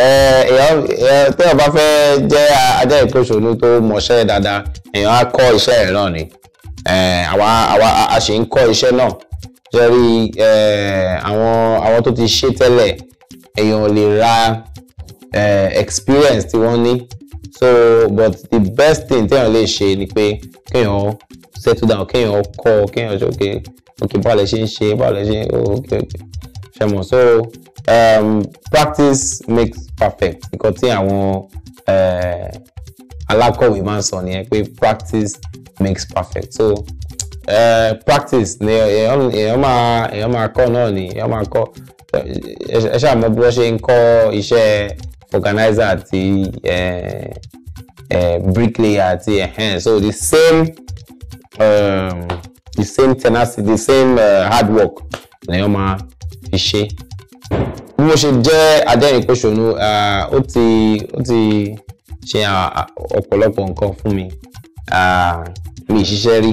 èèyàn téèyàn bá fẹ́ jẹ́ ajá ìkóṣòlù tó mọṣẹ́ dáadáa èèyàn á kọ́ iṣẹ́ ẹ̀ náà ni àwa àwa a sì ń kọ́ iṣẹ́ náà sẹ́rí àwọn àwọn tó ti ṣe tẹ́lẹ̀ èèyàn lè ra experience tí wọ́n ní so but the best thing téèyàn lè ṣe ni pé kéèyàn settle down kéèyàn kọ́ kéèyàn ṣe ok ok báwo lẹ ṣe ń ṣe báwo lẹ ṣe ń ok ok ṣe mọ̀ so um, practice makes perfect nǹkan tí àwọn eh, alákọ̀wé máa ń sọ nìyẹn pé practice makes perfect so uh, practice ni èèyàn máa èèyàn máa kọ́ náà ni èèyàn máa kọ́ ẹ ṣáà mọ̀ bí wọ́n ṣe ń kọ́ iṣẹ́ organizer àti uh, uh, bricklayer àti uh, so the same um, the same tenacity the same uh, hard work lèèyàn máa fi ṣe bí mo ṣe jẹ́ adẹ́rìnpòṣónú ó ti ó ti ṣe ọ̀pọ̀lọpọ̀ nǹkan fún mi mi ì ṣiṣẹ́ rí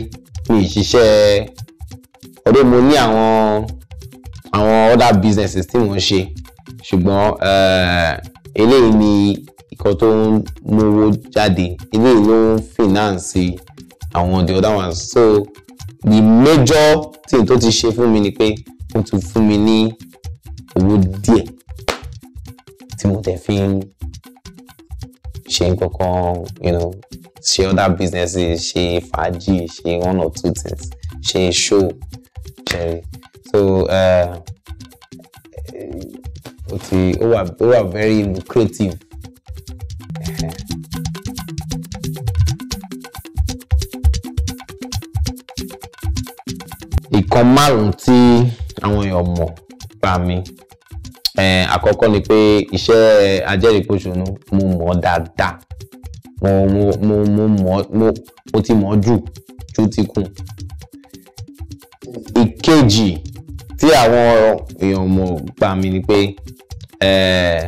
mi ì ṣiṣẹ́ mo ní àwọn àwọn other businesses tí mo ń ṣe ṣùgbọ́n eléyìí ni ìkan tó ń mówó jáde eléyìí ló ń finance àwọn the other ones so the major thing tó ti ṣe fún mi ni pé ó tún fún mi ní tẹ̀ fi ń ṣe nǹkankan you know ṣe other businesses ṣe fàájì ṣe one or two things ṣe show ṣẹri so ó eh, ti ó wà ó wà very lucrative. ìkan márùn-ún tí àwọn èèyàn mọ̀ pa mi Eh, àkọ́kọ́ ni pé iṣẹ́ ajẹ́rìípòṣónú mo mọ̀ dáadáa mo mo mo mọ̀ mo ti mọ̀ jù jù ti kù. ìkejì tí àwọn èèyàn mọ̀ gbà mí ni pé eh,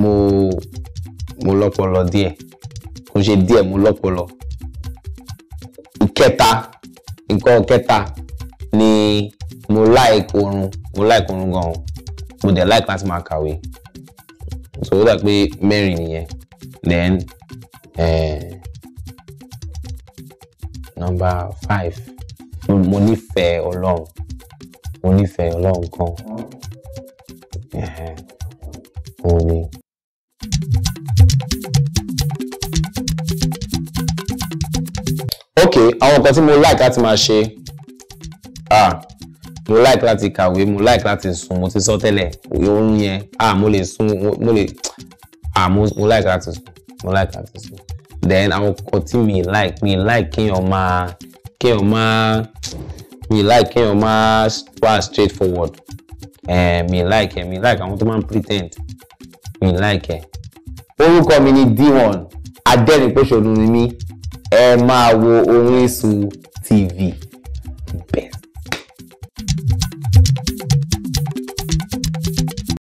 mo mo lọ́pọlọ díẹ̀ mo ṣe díẹ̀ mo lọ́pọlọ. ìkẹta nǹkan kẹta ni mo like orun mo like orun gan-an But they like that mark away, so ó dà pé mẹ́rin nìyẹn then eh, number five mo nífẹ̀ẹ́ ọlọ́run mo nífẹ̀ẹ́ ọlọ́run kan eh, òun ni. ok àwọn nǹkan tí mo like láti máa ṣe. Ah mo like láti kàwé mo like láti sùn mo ti sọ tẹ́lẹ̀ oorun yẹn ah mo lè sùn mo lè ah mo like láti sùn mo like láti sùn then àwọn kan tí mi like mi like kéèyàn máa kéèyàn máa mi like kéèyàn máa wá straight forward eh, mi like ẹ mi like àwọn tó máa ń pretend mi like ẹ orúkọ mi ni D1 Adẹ́rìnpòṣónú ni mí ẹ máa wo Orísun TV best.